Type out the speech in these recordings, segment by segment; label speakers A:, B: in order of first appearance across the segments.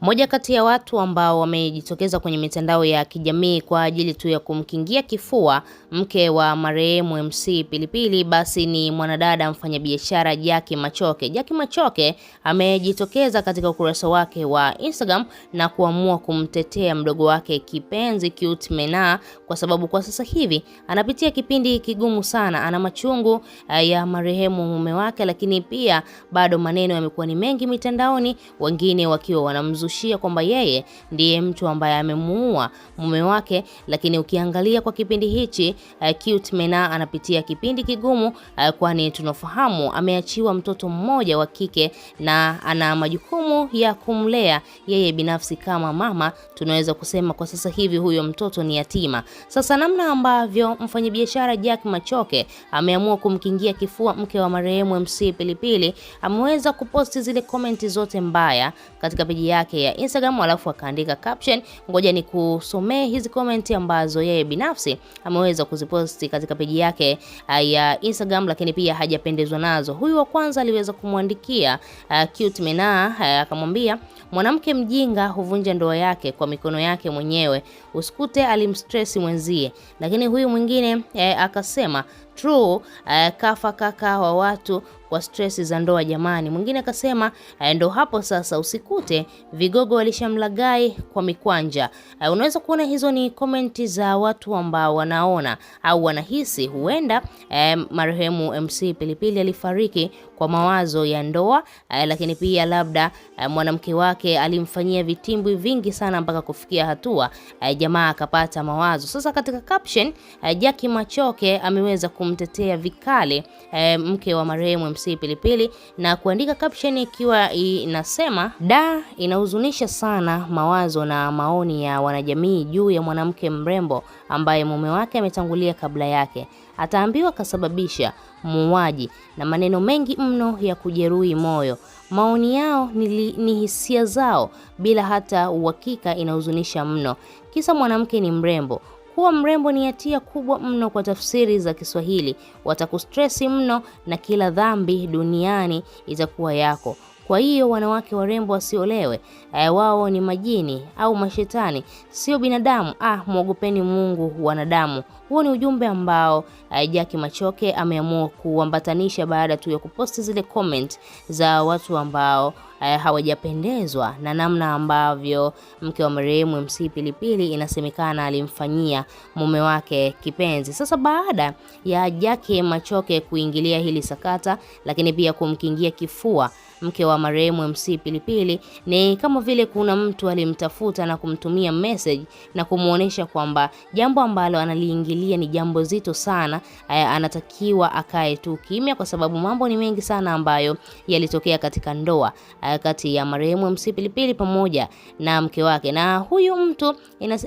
A: Moja kati ya watu ambao wamejitokeza kwenye mitandao ya kijamii kwa ajili tu ya kumkingia kifua mke wa marehemu MC Pilipili basi ni mwanadada mfanyabiashara jaki Machoke. jaki Machoke amejitokeza katika ukurasa wake wa Instagram na kuamua kumtetea mdogo wake kipenzi Cute Mena kwa sababu kwa sasa hivi anapitia kipindi kigumu sana, ana machungu eh, ya marehemu mume wake, lakini pia bado maneno yamekuwa ni mengi mitandaoni, wengine wakiwa wanamzu kumzushia kwamba yeye ndiye mtu ambaye amemuua mume wake, lakini ukiangalia kwa kipindi hichi uh, Cute Mena anapitia kipindi kigumu uh, kwani tunafahamu ameachiwa mtoto mmoja wa kike na ana majukumu ya kumlea yeye binafsi kama mama. Tunaweza kusema kwa sasa hivi huyo mtoto ni yatima. Sasa namna ambavyo mfanyabiashara Jack Machoke ameamua kumkingia kifua mke wa marehemu MC Pilipili, ameweza kuposti zile komenti zote mbaya katika peji yake yake ya Instagram, alafu akaandika caption. Ngoja ni kusomee hizi comment ambazo yeye binafsi ameweza kuziposti katika peji yake uh, ya Instagram, lakini pia hajapendezwa nazo. Huyu wa kwanza aliweza kumwandikia uh, cute mena uh, akamwambia mwanamke mjinga huvunja ndoa yake kwa mikono yake mwenyewe, usikute alimstress mwenzie. Lakini huyu mwingine uh, akasema true uh, kafa kaka wa watu kwa stresi za ndoa jamani. Mwingine akasema ndo hapo sasa, usikute vigogo walishamlagai kwa mikwanja. Unaweza kuona hizo ni komenti za watu ambao wanaona au wanahisi huenda eh, marehemu MC Pilipili alifariki kwa mawazo ya ndoa eh, lakini pia labda eh, mwanamke wake alimfanyia vitimbwi vingi sana mpaka kufikia hatua eh, jamaa akapata mawazo. Sasa katika caption eh, Jackie Machoke ameweza kumtetea vikali eh, mke wa marehemu MC Pilipili na kuandika caption ikiwa inasema da, inahuzunisha sana mawazo na maoni ya wanajamii juu ya mwanamke mrembo ambaye mume wake ametangulia kabla yake, ataambiwa kasababisha muuaji na maneno mengi mno ya kujeruhi moyo. Maoni yao ni, ni hisia zao bila hata uhakika, inahuzunisha mno. Kisa mwanamke ni mrembo, kuwa mrembo ni hatia kubwa mno kwa tafsiri za Kiswahili, watakustresi mno na kila dhambi duniani itakuwa yako. Kwa hiyo wanawake warembo wasiolewe, eh, wao ni majini au mashetani, sio binadamu. Ah, mwogopeni Mungu wanadamu. Huo ni ujumbe ambao eh, Jackie Machoke ameamua kuambatanisha baada tu ya kuposti zile comment za watu ambao eh, hawajapendezwa na namna ambavyo mke wa marehemu MC Pilipili inasemekana alimfanyia mume wake kipenzi. Sasa baada ya Jackie Machoke kuingilia hili sakata, lakini pia kumkingia kifua mke wa wa marehemu MC Pilipili ni kama vile kuna mtu alimtafuta na kumtumia message na kumwonyesha kwamba jambo ambalo analiingilia ni jambo zito sana, eh, anatakiwa akae tu kimya, kwa sababu mambo ni mengi sana ambayo yalitokea katika ndoa eh, kati ya marehemu MC Pilipili pamoja na mke wake. Na huyu mtu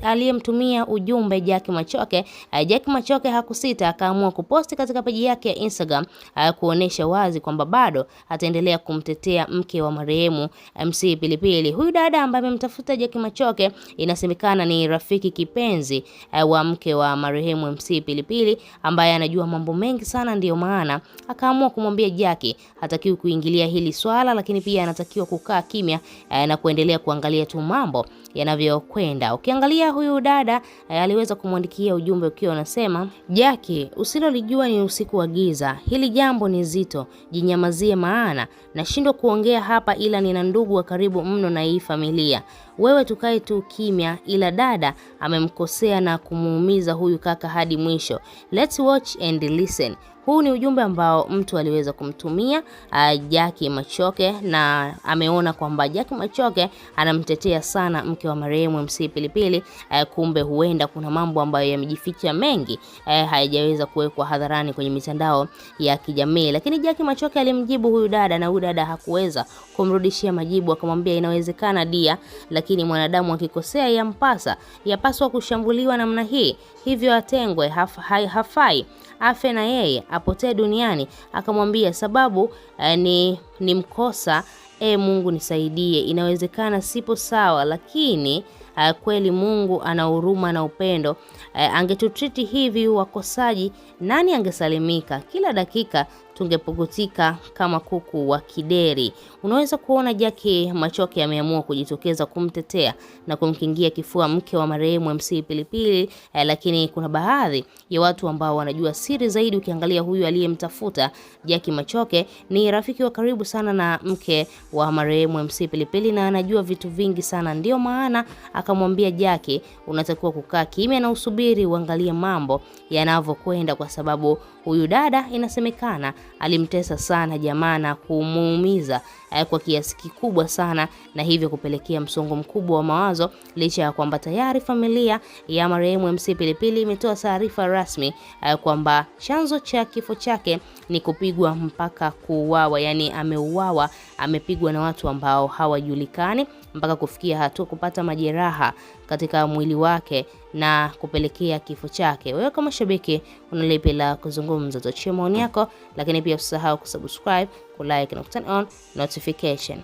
A: aliyemtumia ujumbe Jack Machoke, eh, Jack Machoke hakusita, akaamua kuposti katika peji yake ya Instagram kuonesha wazi kwamba bado ataendelea kumtetea mke wa marehemu MC Pilipili. Huyu dada ambaye amemtafuta Jackie Machoke inasemekana ni rafiki kipenzi eh, wa mke wa marehemu MC Pilipili ambaye anajua mambo mengi sana, ndiyo maana akaamua kumwambia Jackie hatakiwi kuingilia hili swala, lakini pia anatakiwa kukaa kimya eh, na kuendelea kuangalia tu mambo yanavyokwenda. Ukiangalia huyu dada eh, aliweza kumwandikia ujumbe ukiwa unasema, Jackie, usilolijua ni usiku wa giza, hili jambo ni zito, jinyamazie, maana nashindwa kuongea Sijaongea hapa ila nina ndugu wa karibu mno na hii familia wewe tukae tu kimya, ila dada amemkosea na kumuumiza huyu kaka hadi mwisho. Let's watch and listen. Huu ni ujumbe ambao mtu aliweza kumtumia uh, Jackie Machoke na ameona kwamba Jackie Machoke anamtetea sana mke wa marehemu MC Pilipili. Uh, kumbe huenda kuna mambo ambayo yamejificha mengi, uh, hayajaweza kuwekwa hadharani kwenye mitandao ya kijamii, lakini Jackie Machoke alimjibu huyu dada na huyu dada hakuweza kumrudishia majibu, akamwambia inawezekana dia, lakini lakini mwanadamu akikosea yampasa, yapaswa kushambuliwa namna hii. Hivyo atengwe, haf, hai, hafai afe na yeye apotee duniani. Akamwambia sababu eh, ni, ni mkosa E Mungu nisaidie, inawezekana sipo sawa, lakini eh, kweli Mungu ana huruma na upendo. eh, angetutriti hivi wakosaji, nani angesalimika? Kila dakika tungepogotika kama kuku wa kideri. Unaweza kuona Jackie machoke ameamua kujitokeza kumtetea na kumkingia kifua mke wa marehemu MC Pilipili, eh, lakini kuna baadhi ya watu ambao wanajua siri zaidi. Ukiangalia huyu aliyemtafuta Jackie Machoke ni rafiki wa karibu sana na mke wa marehemu MC Pilipili na anajua vitu vingi sana, ndio maana akamwambia Jackie, unatakiwa kukaa kimya na usubiri uangalie mambo yanavyokwenda, kwa sababu huyu dada inasemekana alimtesa sana jamaa na kumuumiza eh, kwa kiasi kikubwa sana, na hivyo kupelekea msongo mkubwa wa mawazo, licha ya kwamba tayari familia ya marehemu MC Pilipili imetoa taarifa rasmi eh, kwamba chanzo cha kifo chake ni kupigwa mpaka kuuawa, yani ameuawa, amepigwa na watu ambao hawajulikani mpaka kufikia hatua kupata majeraha katika mwili wake na kupelekea kifo chake. Wewe kama shabiki una lipi la kuzungumza? Tuachie maoni yako, lakini pia usisahau kusubscribe, kulike na kuturn on notification.